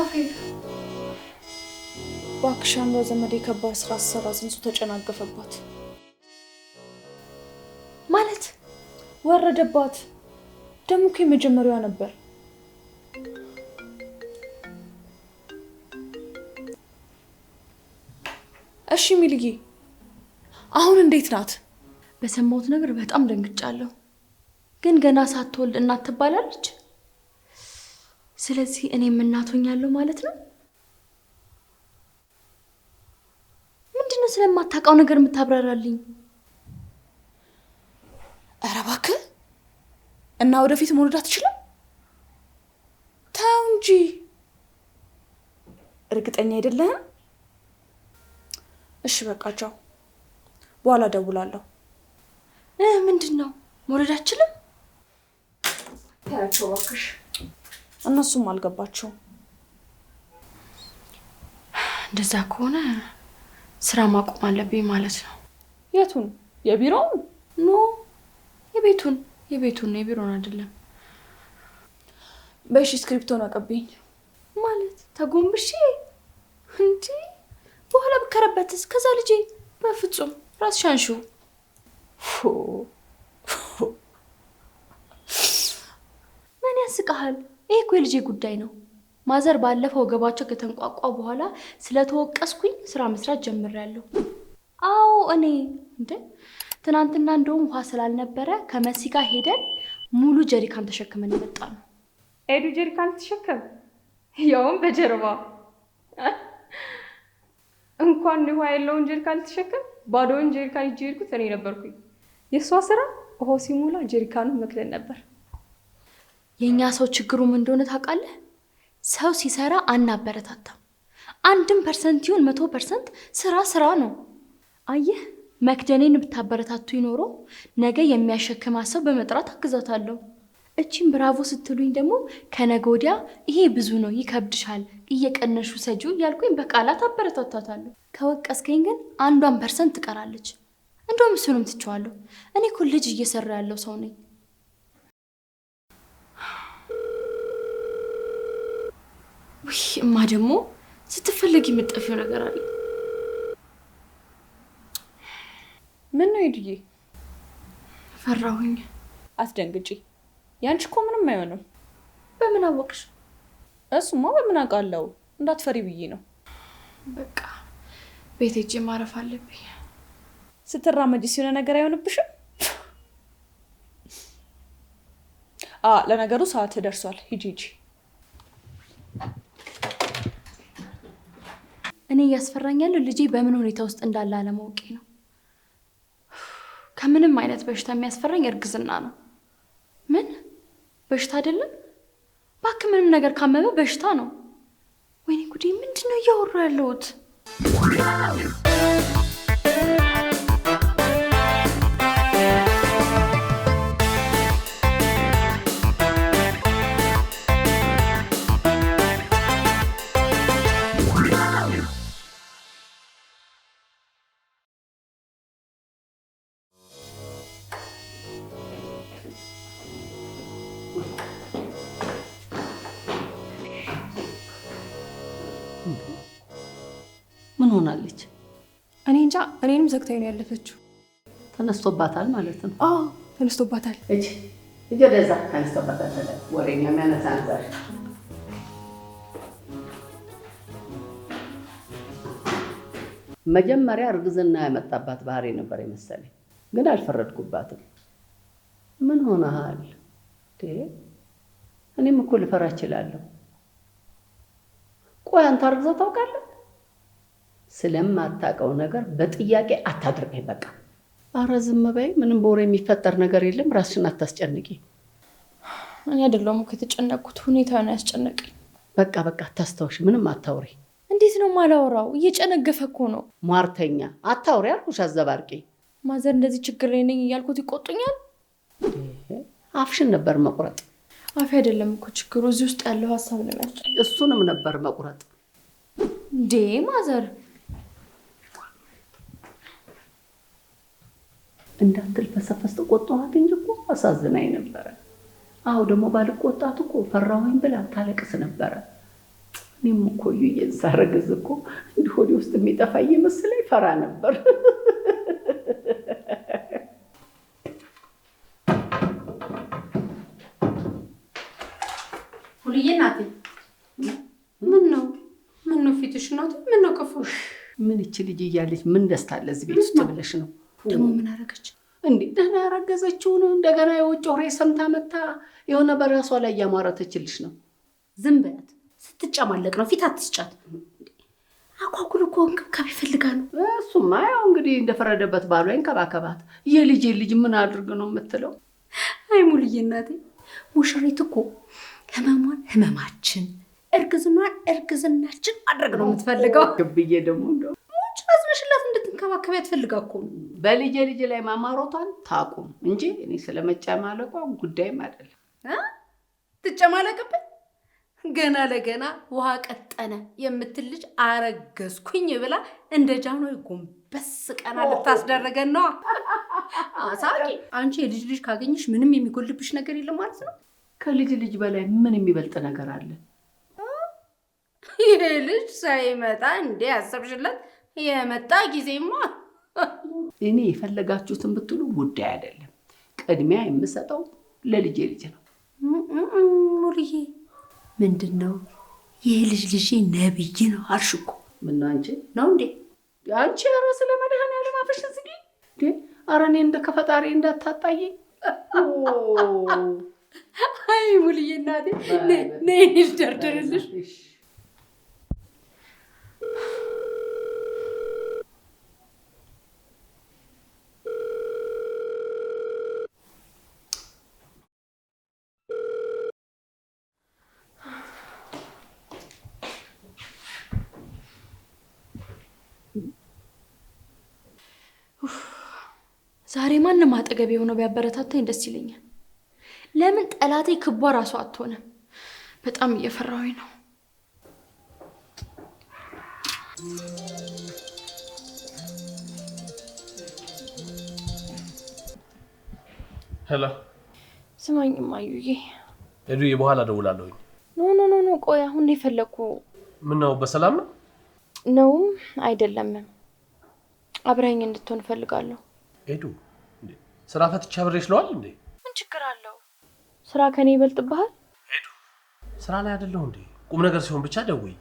አፌፍ እባክሽ፣ አንዷ ዘመድ የከባድ ስራ አሰራ ጽንሱ ተጨናገፈባት ማለት ወረደባት። ደግሞ እኮ የመጀመሪያዋ ነበር። እሺ ሚልጊ፣ አሁን እንዴት ናት? በሰማሁት ነገር በጣም ደንግጫለሁ። ግን ገና ሳትወልድ እናት ትባላለች። ስለዚህ እኔም እናት ሆኛለሁ ማለት ነው። ምንድን ነው ስለማታውቀው ነገር የምታብራራልኝ? ኧረ እባክህ እና ወደፊት መውለድ አትችልም? ተው እንጂ። እርግጠኛ አይደለህም? እሺ በቃ ቻው፣ በኋላ እደውላለሁ። ምንድን ነው መውለድ አትችልም? ተያቸው እባክሽ። እነሱም አልገባቸውም። እንደዛ ከሆነ ስራ ማቆም አለብኝ ማለት ነው። የቱን? የቢሮውን? ኖ የቤቱን። የቤቱን የቢሮን አይደለም። በሺ እስክሪፕቶን አቀብኝ ማለት ተጎንብሺ እንዲ በኋላ ብከረበትስ? ከዛ ልጄ በፍጹም ራስ ሻንሹ ምን ያስቀሃል? ይሄ እኮ የልጄ ጉዳይ ነው። ማዘር ባለፈው ወገባቸው ከተንቋቋ በኋላ ስለተወቀስኩኝ ስራ መስራት ጀምሬያለሁ። አዎ እኔ እንደ ትናንትና እንደውም ውሃ ስላልነበረ ከመሲ ጋር ሄደን ሙሉ ጀሪካን ተሸክመን የመጣ ነው። ኤዱ ጀሪካን ተሸከም፣ ያውም በጀርባ እንኳን ውሃ የለውን ጀሪካን ተሸከም፣ ባዶውን ጀሪካን ይዤ ሄድኩት እኔ ነበርኩኝ። የእሷ ስራ ውሃ ሲሞላ ጀሪካኑን መክለን ነበር። የእኛ ሰው ችግሩ ምን እንደሆነ ታውቃለህ? ሰው ሲሰራ አናበረታታም። አንድም ፐርሰንት ይሁን መቶ ፐርሰንት ስራ ስራ ነው። አየህ መክደኔን ብታበረታቱ ይኖሮ ነገ የሚያሸክማት ሰው በመጥራት አግዛታለሁ። እቺም ብራቮ ስትሉኝ ደግሞ ከነገ ወዲያ ይሄ ብዙ ነው ይከብድሻል፣ እየቀነሹ ሰጁ እያልኩኝ በቃላት አበረታታታለሁ። ከወቀስከኝ ግን አንዷን ፐርሰንት ትቀራለች። እንደውም እሱንም ትቸዋለሁ። እኔ እኮ ልጅ እየሰራ ያለው ሰው ነኝ። ውይ እማ ደግሞ ስትፈለግ የምጠፊው ነገር አለ። ምን ነው ሄዱዬ? ፈራሁኝ። አትደንግጪ። ያንቺ እኮ ምንም አይሆንም። በምን አወቅሽ? እሱማ በምን አውቃለሁ? እንዳትፈሪ ብዬ ነው። በቃ ቤት ሂጅ፣ ማረፍ አለብኝ። ስትራመጂ ሲሆነ ነገር አይሆንብሽም። ለነገሩ ሰዓት ደርሷል። ሂጂ ሂጂ እኔ እያስፈራኛለሁ ልጄ በምን ሁኔታ ውስጥ እንዳለ አለማወቄ ነው። ከምንም አይነት በሽታ የሚያስፈራኝ እርግዝና ነው። ምን በሽታ አይደለም ባክ፣ ምንም ነገር ካመመ በሽታ ነው። ወይኔ ጉዴ፣ ምንድን ነው እያወራ ያለሁት? ምን ሆናለች? እኔ እንጃ። እኔንም ዘግታኝ ነው ያለፈችው። ተነስቶባታል ማለት ነው? አዎ ተነስቶባታል። እጅ እጅ ወደዛ ተነስቶባታል። ወሬኛ የሚያነሳ ነበር። መጀመሪያ እርግዝና ያመጣባት ባህሪ ነበር የመሰለኝ፣ ግን አልፈረድኩባትም። ምን ሆነሃል? እኔም እኮ ልፈራ እችላለሁ። ቆይ አንተ አርግዘህ ታውቃለህ? ስለማታውቀው ነገር በጥያቄ አታድርገኝ። በቃ አረ ዝም በይ። ምንም በወሬ የሚፈጠር ነገር የለም። ራስሽን አታስጨንቂ። እኔ አይደለሁም እኮ የተጨነቅኩት፣ ሁኔታ ነው ያስጨነቀኝ። በቃ በቃ አታስታውሽ፣ ምንም አታውሪ። እንዴት ነው ማላወራው? እየጨነገፈ እኮ ነው። ሟርተኛ አታውሪ አልኩሽ። አዘባርቂ ማዘር እንደዚህ ችግር ላይ ነኝ እያልኩት ይቆጡኛል። አፍሽን ነበር መቁረጥ። አፍ አይደለም እኮ ችግሩ፣ እዚህ ውስጥ ያለው ሀሳብ ነው። እሱንም ነበር መቁረጥ። እንዴ ማዘር እንዳትል ፈሰፈስ ቆጣኋት እንጂ እኮ አሳዝናኝ ነበረ። አሁ ደግሞ ባልቆጣት እኮ ፈራሁኝ ብላ ታለቅስ ነበረ። እኔም እኮ ዩ የዛ እኮ እንዲህ ውስጥ የሚጠፋ እየመሰለኝ ፈራ ነበር። ብዬ እናቴ ምን ነው ምን ነው ፊትሽ እናቴ ምን ነው ከፋ ምን እች ልጅ እያለች ምን ደስታ አለ እዚህ ቤት ውስጥ ብለሽ ነው ደግሞ ምን አደረገች እንዴ ደህና ያረገዘችውን እንደገና የውጭ ወሬ ሰምታ መታ የሆነ በራሷ ላይ እያሟረተችልሽ ነው ዝም በያት ስትጨማለቅ ነው ፊት አትስጫት አኳኩል እኮ እንክብካቤ ፈልጋ እሱማ ያው እንግዲህ እንደፈረደበት ባሏ ይንከባከባት የልጄ ልጅ ምን አድርግ ነው የምትለው አይ ሙልዬ እናቴ ሙሽሪት እኮ ህመሟን ህመማችን፣ እርግዝናን እርግዝናችን ማድረግ ነው የምትፈልገው። ግብዬ ደግሞ ሙጭ አዝነሽላት እንድትንከባከብ ያትፈልጋ እኮ በልጄ ላይ ማማሮቷን ታቁም እንጂ እኔ ስለመጨማለቋ ጉዳይም አይደለም። ትጨማለቅብን ገና ለገና ውሃ ቀጠነ የምትል ልጅ አረገዝኩኝ ብላ እንደ ጃኖ ጎንበስ ቀና ልታስደረገን ነዋ። አሳቂ አንቺ የልጅ ልጅ ካገኘሽ ምንም የሚጎልብሽ ነገር የለም ማለት ነው። ከልጅ ልጅ በላይ ምን የሚበልጥ ነገር አለ? ይህ ልጅ ሳይመጣ እንዴ ያሰብሽለት? የመጣ ጊዜማ እኔ የፈለጋችሁትን ብትሉ ጉዳይ አይደለም። ቅድሚያ የምሰጠው ለልጄ ልጅ ነው። ሙርዬ ምንድን ነው ይህ ልጅ ልጄ ነብይ ነው አልሽ እኮ ምነው አንቺ ነው እንዴ አንቺ ኧረ ስለ መድኃኒዓለም አፍሽ ዝጊ። ኧረ እኔ እንደ ከፈጣሪ እንዳታጣይ አይ ሙልዬ እናቴ ነይ ልደርድርልሽ። ዛሬ ማንም አጠገብ የሆነው ቢያበረታታኝ ደስ ይለኛል። ለምን ጠላቴ ክቧ ራሱ አትሆንም? በጣም እየፈራሁኝ ነው። ሄሎ ስማኝ ማዩዬ፣ ሄዱዬ፣ በኋላ እደውላለሁኝ። ኖ ኖ ኖ ኖ፣ ቆይ አሁን ነው የፈለግኩ ምን ነው? በሰላም ነው ነውም አይደለምም፣ አብረኝ እንድትሆን እፈልጋለሁ። ሄዱ፣ ስራ ፈትቼ አብሬሽ ለዋል እንዴ? ምን ችግር አለ? ስራ ከኔ ይበልጥብሃል? ሄዱ ስራ ላይ አይደለሁ እንዴ? ቁም ነገር ሲሆን ብቻ ደውይ።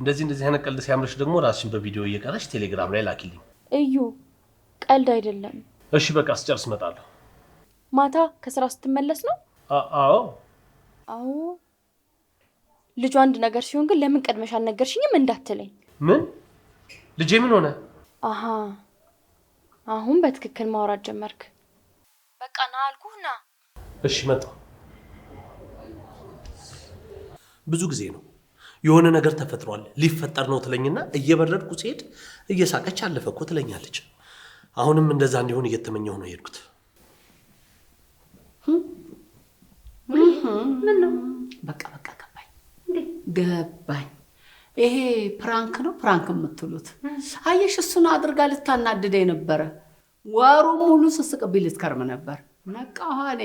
እንደዚህ እንደዚህ አይነት ቀልድ ሲያምርሽ ደግሞ ራስሽን በቪዲዮ እየቀረሽ ቴሌግራም ላይ ላኪልኝ። እዩ ቀልድ አይደለም። እሺ በቃ ስጨርስ እመጣለሁ። ማታ ከስራ ስትመለስ ነው? አዎ አዎ። ልጁ አንድ ነገር ሲሆን ግን ለምን ቀድመሽ አልነገርሽኝም እንዳትለኝ። ምን ልጄ ምን ሆነ? አሀ አሁን በትክክል ማውራት ጀመርክ። በቃ ና እሺ መጣሁ። ብዙ ጊዜ ነው የሆነ ነገር ተፈጥሯል ሊፈጠር ነው ትለኝና እየበረድኩ ሲሄድ እየሳቀች አለፈ እኮ ትለኛለች። አሁንም እንደዛ እንዲሆን እየተመኘሁ ነው የሄድኩት። በቃ በቃ ገባኝ ገባኝ። ይሄ ፕራንክ ነው ፕራንክ የምትሉት አየሽ፣ እሱን አድርጋ ልታናድደ ነበረ። ወሩ ሙሉ ስስቅብኝ ልትከርም ነበር። ነቃኋኔ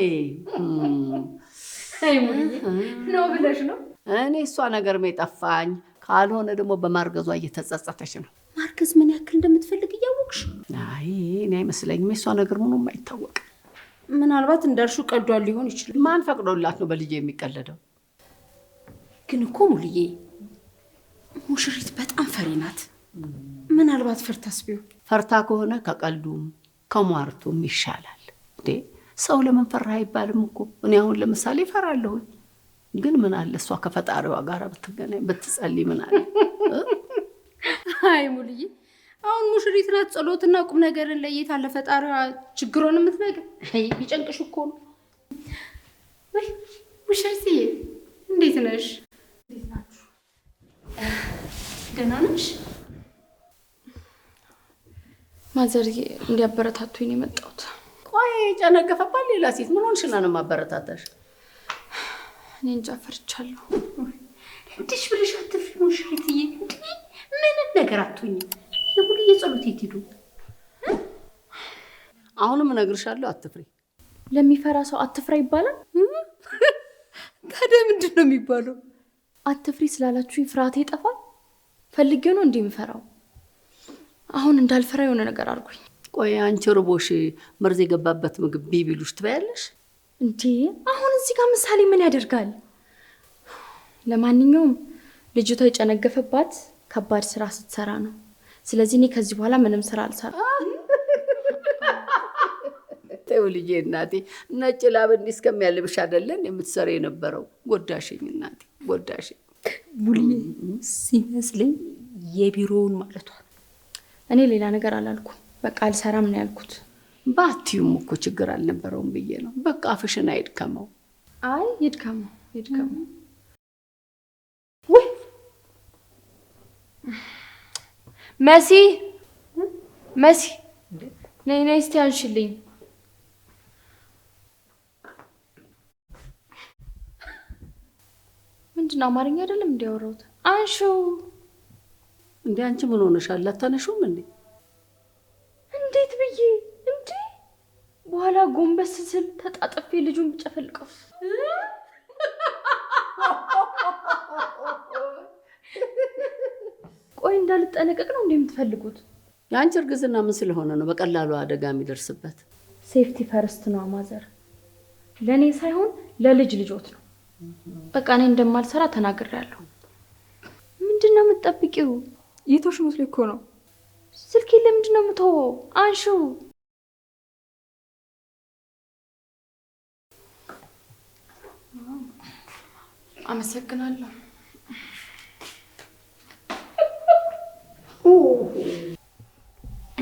ነው ብለሽ ነው እኔ እሷ ነገር የጠፋኝ ካልሆነ ደግሞ በማርገዟ እየተጸጸተች ነው። ማርገዝ ምን ያክል እንደምትፈልግ እያወቅሽ? አይ እኔ አይመስለኝም። የእሷ ነገር ምኑ አይታወቅ። ምናልባት እንዳልሹ ቀልዷል ሊሆን ይችላል። ማን ፈቅዶላት ነው በልጄ የሚቀለደው? ግን እኮ ሙልዬ ሙሽሪት በጣም ፈሪ ናት። ምናልባት ፈርታስ ቢሆን ፈርታ ከሆነ ከቀልዱም ከሟርቱም ይሻላል። እንዴ ሰው ለምን አይባልም እኮ። እኔ አሁን ለምሳሌ እፈራለሁኝ ግን ምን አለ እሷ ከፈጣሪዋ ጋር ብትገናኝ ብትጸልይ ምን አለ? አይ ሙልዬ፣ አሁን ሙሽሪት ናት። ጸሎትና ቁም ነገርን ለየት አለ ፈጣሪዋ ችግሮን የምትነግር ቢጨንቅሽ እኮ ነው። ሙሽርትዬ እንዴት ነሽ? ደህና ነሽ? ማዘርዬ እንዲያበረታቱኝ የመጣሁት። ቆይ ጨነገፈባል ሌላ ሴት ምን ሆንሽ? ነው ማበረታታሽ እኔ እንጃ ፈርቻለሁ። እንድሽ ብለሽ አትፍሪ ሙሽሪትዬ፣ ምንም ነገር አትሆኝም። ሁሉ የጸሎት የት ሄዱ? አሁንም እነግርሻለሁ አትፍሪ። ለሚፈራ ሰው አትፍራ ይባላል። ታዲያ ምንድን ነው የሚባለው? አትፍሪ ስላላችሁ ፍርሃት ይጠፋል። ፈልጌ ነው እንዲህ የምፈራው። አሁን እንዳልፈራ የሆነ ነገር አድርጎኝ ቆይ አንቺ ርቦሽ መርዝ የገባበት ምግብ ቢቢሉሽ ትበያለሽ? እንዴ አሁን እዚህ ጋር ምሳሌ ምን ያደርጋል? ለማንኛውም ልጅቷ የጨነገፈባት ከባድ ስራ ስትሰራ ነው። ስለዚህ እኔ ከዚህ በኋላ ምንም ስራ አልሰራ? ተው ልጄ እናቴ፣ ነጭ ላብ እንዲህ እስከሚያልብሽ አይደለን የምትሰሪ የነበረው። ጎዳሽኝ እናቴ ጎዳሽኝ። ቡሌ ሲመስለኝ የቢሮውን ማለቷል። እኔ ሌላ ነገር አላልኩም። በቃ አልሰራም ነው ያልኩት። ባትዩም እኮ ችግር አልነበረውም ብዬ ነው። በቃ አፍሽን አይድከመው። አይ ይድከመው፣ ይድከመው። ውይ መሲ፣ መሲ ነይ ነይ፣ እስቲ አንሽልኝ። ምንድን ነው አማርኛ አይደለም እንዲያወራሁት። አንሹ እንዲ አንቺ ምን ሆነሻል? አታነሺውም እንዴ? እንዴት ብዬ በኋላ ጎንበስ ስል ተጣጥፌ ልጁን ብጨፈልቀው ቆይ እንዳልጠነቀቅ ነው እንደ የምትፈልጉት? የአንቺ እርግዝና ምን ስለሆነ ነው በቀላሉ አደጋ የሚደርስበት? ሴፍቲ ፈርስት ነው አማዘር። ለእኔ ሳይሆን ለልጅ ልጆት ነው። በቃ እኔ እንደማልሰራ ተናግሬያለሁ። ምንድን ነው የምትጠብቂው? የተሾምኩት እኮ ነው። ስልኬን ለምንድን ነው የምትወው? አንሺው አመሰግናለሁ።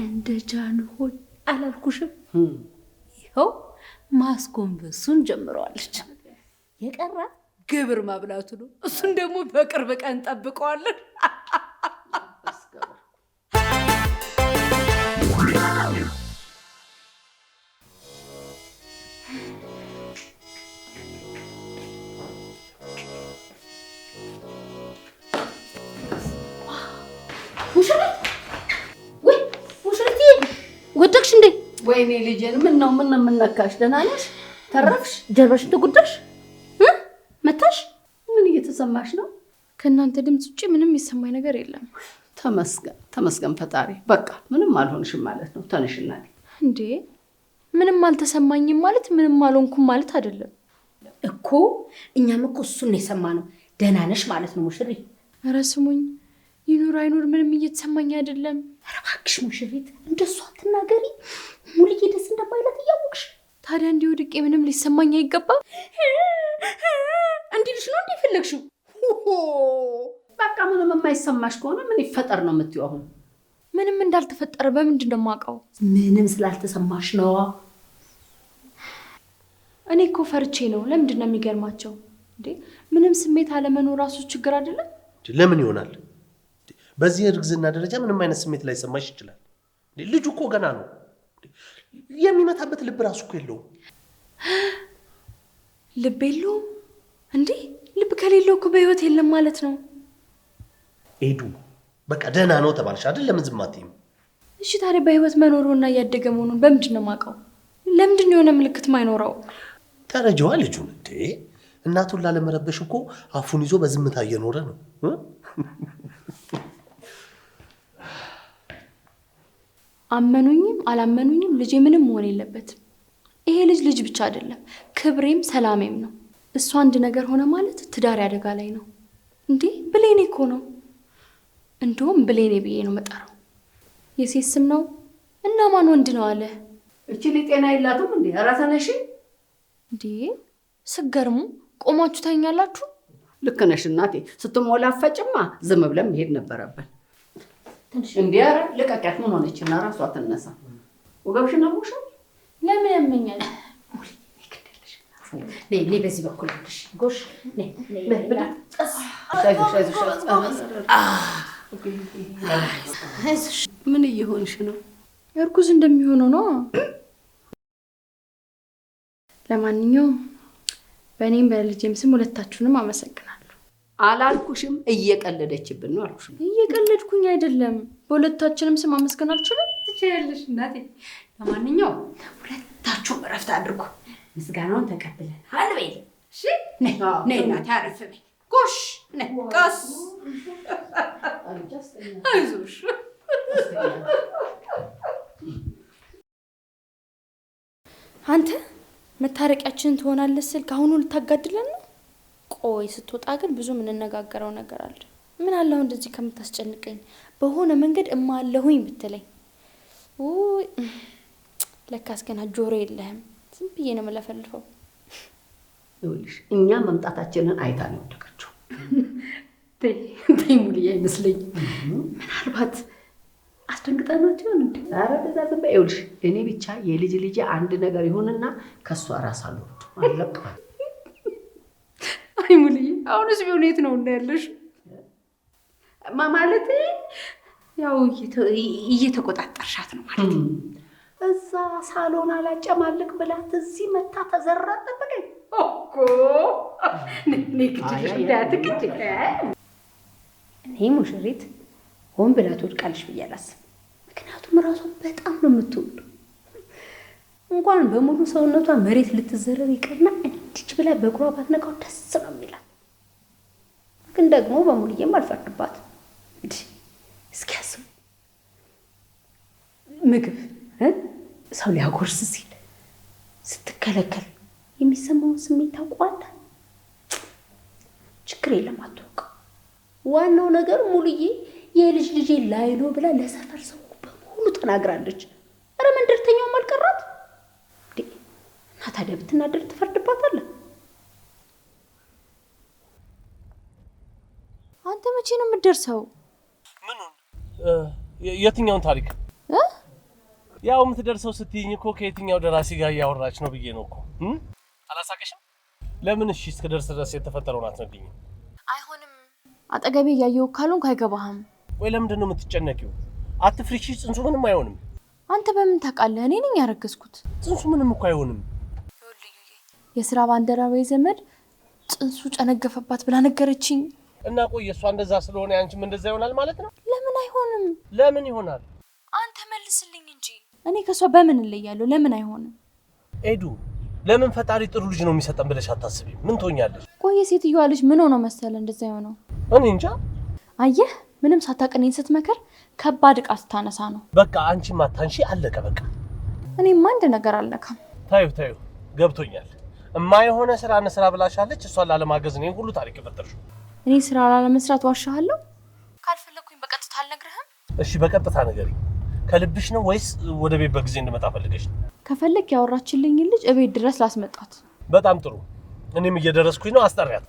እንደ ጃንሆይ አላልኩሽም? ይኸው ማስጎንበሱን ጀምረዋለች። የቀራ ግብር ማብላቱ ነው። እሱን ደግሞ በቅርብ ቀን ጠብቀዋለን። ሙሽሪት ወደቅሽ እንዴ? ወይኔ ልጄን፣ ምን ነው ምን የምነካሽ? ደህና ነሽ? ተረፍሽ? ጀርባሽን ተጎዳሽ? መታሽ? ምን እየተሰማሽ ነው? ከእናንተ ድምፅ ውጭ ምንም የሰማኝ ነገር የለም። ተመስገን ተመስገን ፈጣሪ። በቃ ምንም አልሆንሽም ማለት ነው። ተነሽና እንዴ። ምንም አልተሰማኝም ማለት ምንም አልሆንኩም ማለት አይደለም እኮ። እኛም እኮ እሱን የሰማ ነው። ደህና ነሽ ማለት ነው ሙሽሪ። ኧረ ስሙኝ ይኑር አይኑር ምንም እየተሰማኝ አይደለም። ኧረ እባክሽ ሙሽሪት እንደሷ አትናገሪ። ሙልዬ ደስ እንደማይላት እያወቅሽ ታዲያ እንዲህ ወድቄ ምንም ሊሰማኝ አይገባም። እንዲልሽ ነው እንዲ ፈለግሽው። በቃ ምንም የማይሰማሽ ከሆነ ምን ይፈጠር ነው የምትይው? አሁን ምንም እንዳልተፈጠረ በምንድን ነው የማውቀው? ምንም ስላልተሰማሽ ነዋ። እኔ እኮ ፈርቼ ነው። ለምንድን ነው የሚገርማቸው እንዴ? ምንም ስሜት አለመኖር ራሱ ችግር አይደለም። ለምን ይሆናል በዚህ እርግዝና ደረጃ ምንም አይነት ስሜት ሰማሽ ይችላል። ልጁ እኮ ገና ነው። የሚመታበት ልብ ራሱ እኮ የለውም። ልብ የለውም እንዴ? ልብ ከሌለው እኮ በህይወት የለም ማለት ነው። ኤዱ በቃ ደህና ነው ተባልሽ አይደል? ለምን ዝም አትይም? እሺ ታዲያ በህይወት እና እያደገ መሆኑን በምንድን ነው የማውቀው? ለምንድን ነው የሆነ ምልክት ማይኖረው? ደረጃዋ ልጁን እንዴ! እናቱን ላለመረበሽ እኮ አፉን ይዞ በዝምታ እየኖረ ነው። አመኑኝም አላመኑኝም ልጄ ምንም መሆን የለበትም። ይሄ ልጅ ልጅ ብቻ አይደለም፣ ክብሬም ሰላሜም ነው። እሱ አንድ ነገር ሆነ ማለት ትዳር አደጋ ላይ ነው። እንዴ ብሌኔ እኮ ነው። እንዲሁም ብሌኔ ብዬ ነው መጠራው። የሴት ስም ነው እና ማን ወንድ ነው አለ። እቺ ጤና የላትም እንዴ ራሰነሽ እንዴ ስገርሙ ቆማችሁ ታኛላችሁ። ልክ ነሽ እናቴ። ስትሞላ ፈጭማ ዝም ብለን መሄድ ነበረብን። እንዲህ ኧረ ልቀቂያት። ምን ሆነች እና ራሷ ትነሳ። ወገብሽን አሞሻል። ለምን ያመኛል? በዚህ በኩል አለሽ። ጎሽ ምን እየሆንሽ ነው? እርጉዝ እንደሚሆነው ነው። ለማንኛውም በእኔም በልጄም ስም ሁለታችሁንም አመሰግናል አላልኩሽም? እየቀለደችብን ነው አልኩሽ። እየቀለድኩኝ አይደለም። በሁለታችንም ስም አመስገን አልችልም። ትችላለሽ እናቴ። ለማንኛው ሁለታችሁም እረፍት አድርጉ። ምስጋናውን ተቀብለን አልበ ነይ እናቴ፣ አረፍ በይ። ጎሽ ቀስ አይዞሽ አንተ መታረቂያችንን ትሆናለህ ስል ከአሁኑ ልታጋድለን ነው ቆይ ስትወጣ ግን ብዙ የምንነጋገረው ነገር አለ። ምን አለሁ እንደዚህ ከምታስጨንቀኝ በሆነ መንገድ እማለሁኝ ብትለኝ፣ ለካስ ገና ጆሮ የለህም። ዝም ብዬ ነው የምለፈልፈው። ይኸውልሽ እኛ መምጣታችንን አይታ ነው ያደረገችው። ተይ ሙልዬ፣ አይመስለኝም። ምናልባት አስደንግጠናቸው እንደ ኧረ በዛ ዝም በይ። ይኸውልሽ እኔ ብቻ የልጅ ልጅ አንድ ነገር ይሁንና ከእሷ እራስ አልወርድም አለቅም አሁንስ ቢሆን የት ነው እናያለሽ? ማለት ያው እየተቆጣጠርሻት ነው ማለት እዛ ሳሎን አላጨማልቅ ብላት እዚህ መታ ተዘራ ጠበቀኝ እኮ እኔ ሙሽሪት ሆን ብላ ትወድቃለች ብዬ አላስብም። ምክንያቱም እራሷ በጣም ነው የምትወዱ። እንኳን በሙሉ ሰውነቷ መሬት ልትዘረብ ይቀርና እንዲች ብላ በእግሯ ባትነቃው ደስ ነው የሚላት። ግን ደግሞ በሙሉዬም አልፈርድባት። እስኪያስቡ ምግብ ሰው ሊያጎርስ ሲል ስትከለከል የሚሰማውን ስሜት ታውቀዋለህ። ችግር የለም አትወቀው። ዋናው ነገር ሙሉዬ የልጅ ልጄ ላይ ነው ብላ ለሰፈር ሰው በሙሉ ተናግራለች። እረ መንደርተኛውም አልቀራት እና ታዲያ ብትናደር ትፈርድባታለህ። አንተ መቼ ነው የምትደርሰው? ምኑን? የትኛውን ታሪክ? ያው የምትደርሰው ስትይኝ እኮ ከየትኛው ደራሲ ጋር እያወራች ነው ብዬ ነው እኮ። አላሳቀሽም? ለምን? እሺ ደርስ ድረስ የተፈጠረውን አትነግሪኝም? አይሆንም። አጠገቤ እያየው ካልሆንኩ አይገባህም። ወይ ለምንድን ነው የምትጨነቂው? አትፍሪሽ፣ ጽንሱ ምንም አይሆንም። አንተ በምን ታውቃለህ? እኔ ነኝ ያረገዝኩት። ጽንሱ ምንም እኮ አይሆንም። የስራ ባልደረባዬ ዘመድ ጽንሱ ጨነገፈባት ብላ ነገረችኝ። እና ቆይ እሷ እንደዛ ስለሆነ አንቺም እንደዛ ይሆናል ማለት ነው? ለምን አይሆንም? ለምን ይሆናል? አንተ መልስልኝ እንጂ እኔ ከሷ በምን እለያለሁ? ለምን አይሆንም? ኤዱ ለምን ፈጣሪ ጥሩ ልጅ ነው የሚሰጠን ብለሽ አታስቢ? ምን ትሆኛለሽ? ቆይ ሴትዮዋ ልጅ ምን ሆኖ መሰለ እንደዛ የሆነው? እኔ እንጃ። አየህ ምንም ሳታቀነኝ ስትመክር ከባድ እቃ ስታነሳ ነው። በቃ አንቺ ማታንሺ አለቀ። በቃ እኔማ አንድ ነገር አልነካም። ታዩ ታዩ ገብቶኛል። እማ የሆነ ስራ ነስራ ብላሻለች። እሷን ላለማገዝ ነው ሁሉ ታሪክ የፈጠርሽው እኔ ስራ ላለመስራት ዋሻሃለሁ? ካልፈለግኩኝ በቀጥታ አልነግርህም። እሺ በቀጥታ ንገሪኝ። ከልብሽ ነው ወይስ ወደ ቤት በጊዜ እንድመጣ ፈልገሽ ነው? ከፈለግ ያወራችልኝ ልጅ እቤት ድረስ ላስመጣት። በጣም ጥሩ። እኔም እየደረስኩኝ ነው። አስጠሪያት።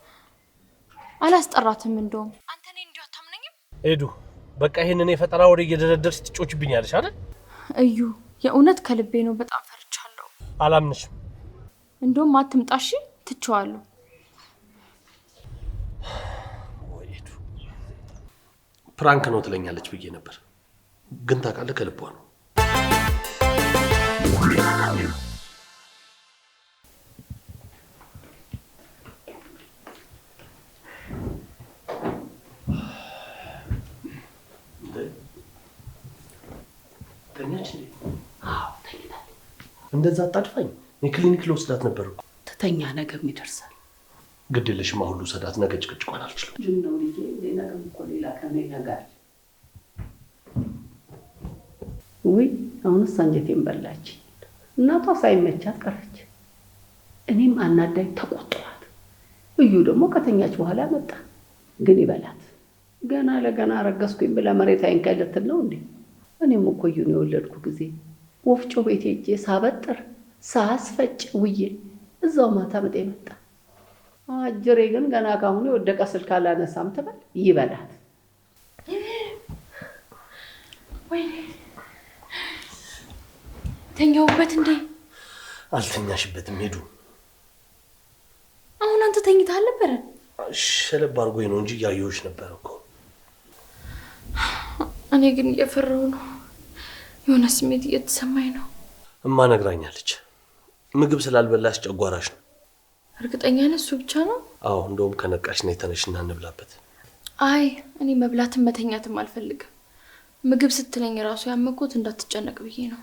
አላስጠራትም። እንደውም አንተ እኔ እንዲሁ አታምነኝም። ሄዱ በቃ ይሄን እኔ ፈጠራ ወሬ እየደረደርሽ አይደል? እዩ የእውነት ከልቤ ነው። በጣም ፈርቻለሁ። አላምንሽም። እንደውም አትምጣሽ፣ ትችዋለሁ። ፕራንክ ነው ትለኛለች ብዬ ነበር፣ ግን ታውቃለህ ከልቧ ነው። እንደዛ አጣድፋኝ፣ የክሊኒክ ልወስዳት ነበር። ትተኛ ነገም ይደርሳል። ግድልሽ ሁሉ ሰዳት ነገ ቆን አልችልም። ልጄ እኮ ሌላ ውይ አሁንስ አንጀቴን በላች። እናቷ ሳይመቻት ቀረች። እኔም አናዳኝ ተቆጥሯት። እዩ ደግሞ ከተኛች በኋላ መጣ። ግን ይበላት ገና ለገና ረገዝኩኝ ብላ መሬት አይንካኝ ልትል ነው እንዴ? እኔም እኮ እዩን የወለድኩ ጊዜ ወፍጮ ቤት ሄጄ ሳበጥር ሳስፈጭ ውዬ እዛው ማታ ምጤ መጣ። አጅሬ ግን ገና ካሁኑ የወደቀ ስልክ አላነሳም ትበል ይበላት። ተኛውበት እንዴ? አልተኛሽበትም ሄዱ። አሁን አንተ ተኝታ አልነበረ? ሸለብ አድርጎኝ ነው እንጂ እያየሁሽ ነበር እኮ። እኔ ግን እየፈራሁ ነው። የሆነ ስሜት እየተሰማኝ ነው። እማ ነግራኛለች፣ ምግብ ስላልበላሽ ጨጓራሽ ነው እርግጠኛ ነህ እሱ ብቻ ነው? አዎ፣ እንደውም ከነቃሽ ነው የተነሽና እንብላበት። አይ እኔ መብላትም መተኛትም አልፈልግም። ምግብ ስትለኝ ራሱ ያመኩት እንዳትጨነቅ ብዬ ነው።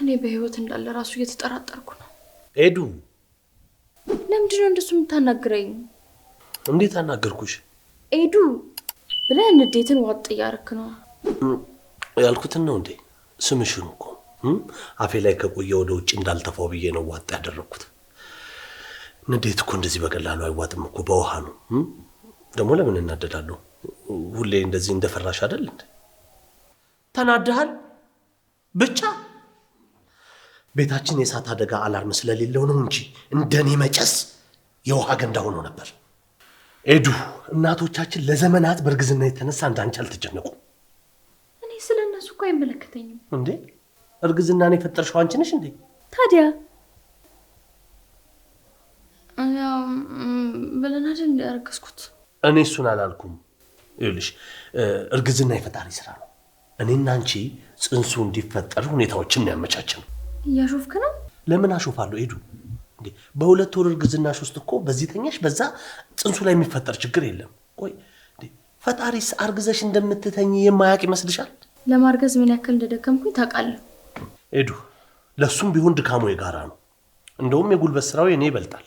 እኔ በህይወት እንዳለ ራሱ እየተጠራጠርኩ ነው። ኤዱ፣ ለምንድነው እንደሱ የምታናግረኝ? እንዴት አናገርኩሽ? ኤዱ ብለህ ንዴትን ዋጥ እያረክ ነው። ያልኩትን ነው እንዴ? ስምሽን እኮ አፌ ላይ ከቆየ ወደ ውጭ እንዳልተፋው ብዬ ነው ዋጥ ያደረግኩት። ንዴት እኮ እንደዚህ በቀላሉ አይዋጥም እኮ በውሃ ነው። ደግሞ ለምን እናደዳለሁ? ሁሌ እንደዚህ እንደፈራሽ አይደል እንዴ? ተናድሃል ብቻ። ቤታችን የእሳት አደጋ አላርም ስለሌለው ነው እንጂ እንደኔ መጨስ የውሃ ገንዳ ሆኖ ነበር። ኤዱ፣ እናቶቻችን ለዘመናት በእርግዝና የተነሳ እንዳንቺ አልተጨነቁ። እኔ ስለ እነሱ እኮ አይመለከተኝም እንዴ። እርግዝናን የፈጠርሽው አንቺ ነሽ እንዴ ታዲያ ብለን አይደል ያረገዝኩት? እኔ እሱን አላልኩም። ይኸውልሽ እርግዝና የፈጣሪ ስራ ነው። እኔና አንቺ ጽንሱ እንዲፈጠር ሁኔታዎችን ያመቻቸ ነው። እያሾፍክ ነው? ለምን አሾፋለሁ? ሄዱ በሁለት ወር እርግዝናሽ ውስጥ እኮ በዚህ ተኛሽ፣ በዛ ጽንሱ ላይ የሚፈጠር ችግር የለም። ቆይ ፈጣሪስ አርግዘሽ እንደምትተኝ የማያውቅ ይመስልሻል? ለማርገዝ ምን ያክል እንደደከምኩኝ ታውቃለህ? ሄዱ ለእሱም ቢሆን ድካሙ የጋራ ነው። እንደውም የጉልበት ስራው የእኔ ይበልጣል።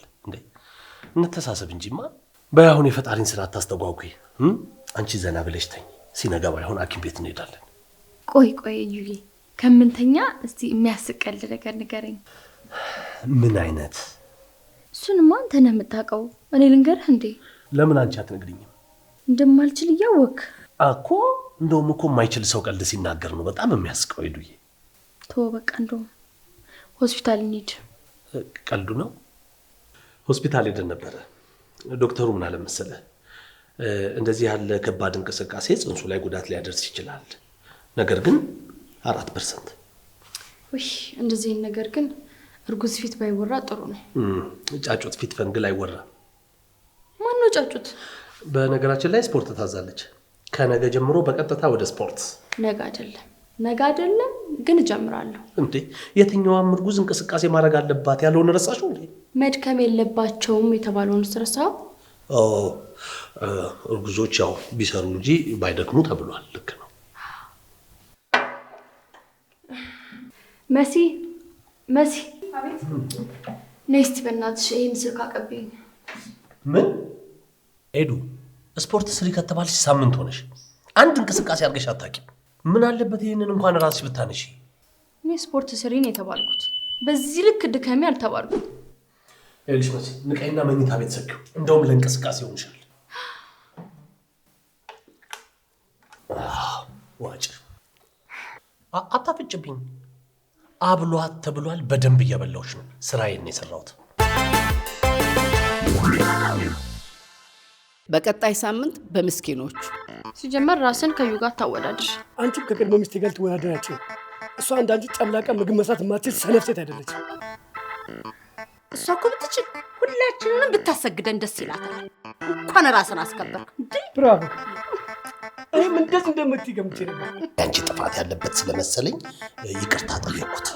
እንተሳሰብ እንጂማ። በያሁን የፈጣሪን ስራ አታስተጓጉ። አንቺ ዘና ብለሽ ተኝ። ሲነጋ ባይሆን ሐኪም ቤት እንሄዳለን። ቆይ ቆይ እዩዬ ከምንተኛ እስቲ የሚያስቀል ነገር ንገረኝ። ምን አይነት? እሱንማ አንተ ነህ የምታውቀው። እኔ ልንገርህ እንዴ? ለምን አንቺ አትነግሪኝም? እንደማልችል እያወክ እኮ። እንደውም እኮ የማይችል ሰው ቀልድ ሲናገር ነው በጣም የሚያስቀው። ሄዱዬ ቶ በቃ። እንደውም ሆስፒታል እንሂድ። ቀልዱ ነው ሆስፒታል ሄደን ነበረ። ዶክተሩ ምን አለ መሰለህ፣ እንደዚህ ያለ ከባድ እንቅስቃሴ ጽንሱ ላይ ጉዳት ሊያደርስ ይችላል፣ ነገር ግን አራት ፐርሰንት። ውይ እንደዚህን ነገር ግን እርጉዝ ፊት ባይወራ ጥሩ ነው። ጫጩት ፊት ፈንግል አይወራ። ነው ጫጩት? በነገራችን ላይ ስፖርት ታዛለች። ከነገ ጀምሮ በቀጥታ ወደ ስፖርት። ነገ አይደለም፣ ነገ አይደለም ግን እጀምራለሁ። እንዴ የትኛዋም እርጉዝ እንቅስቃሴ ማድረግ አለባት ያለውን ረሳሽው እንዴ? መድከም የለባቸውም የተባለውን ስረሳ እርጉዞች ያው ቢሰሩ እንጂ ባይደክሙ ተብሏል። ልክ ነው መሲ። መሲ ኔስት በእናትሽ ይህን ስልክ አቀብኝ። ምን ኤዱ ስፖርት ስሪ ከተባልሽ ሳምንት ሆነሽ አንድ እንቅስቃሴ አድርገሽ አታውቂም። ምን አለበት ይህንን እንኳን ራስሽ ብታነሺ። እኔ ስፖርት ስሪን የተባልኩት። በዚህ ልክ ድከሚ አልተባልኩም። ይኸውልሽ መቼ ንቀይና መኝታ ቤት ሰኪው፣ እንደውም ለእንቅስቃሴ ሆንሻል። ዋጭ አታፍጭብኝ። አብሏት ተብሏል። በደንብ እየበላሁሽ ነው። ስራዬን የሰራሁት በቀጣይ ሳምንት በምስኪኖች ሲጀመር ራስን ከዩ ጋር ታወዳድር። አንቺም ከቀድሞ ሚስቴ ጋር ልትወዳደራቸው። እሷ አንዳንዱ ጨምላቃ ምግብ መስራት ማትችል ሰነፍ ሴት አይደለች። እሷ እኮ ብትችል ሁላችንንም ብታሰግደን ደስ ይላታል። እንኳን ራስን አስከበር። ብራቮ! እኔም እንደዚህ እንደምት ገምቼ ነበር። የአንቺ ጥፋት ያለበት ስለመሰለኝ ይቅርታ ጠየቅኩት።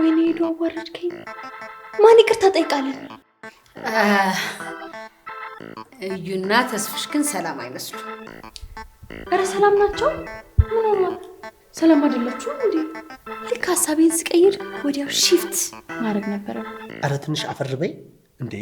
ወይኔ ሄዶ አዋረድከኝ። ማን ይቅርታ ጠይቃለን? እዩና ተስፍሽ ግን ሰላም አይመስሉም። እረ ሰላም ናቸው። ምን ሰላም አይደላችሁም እንዴ? ልክ ሀሳቤን ስቀይር ወዲያው ሺፍት ማድረግ ነበረ። እረ ትንሽ አፈርበይ እንዴ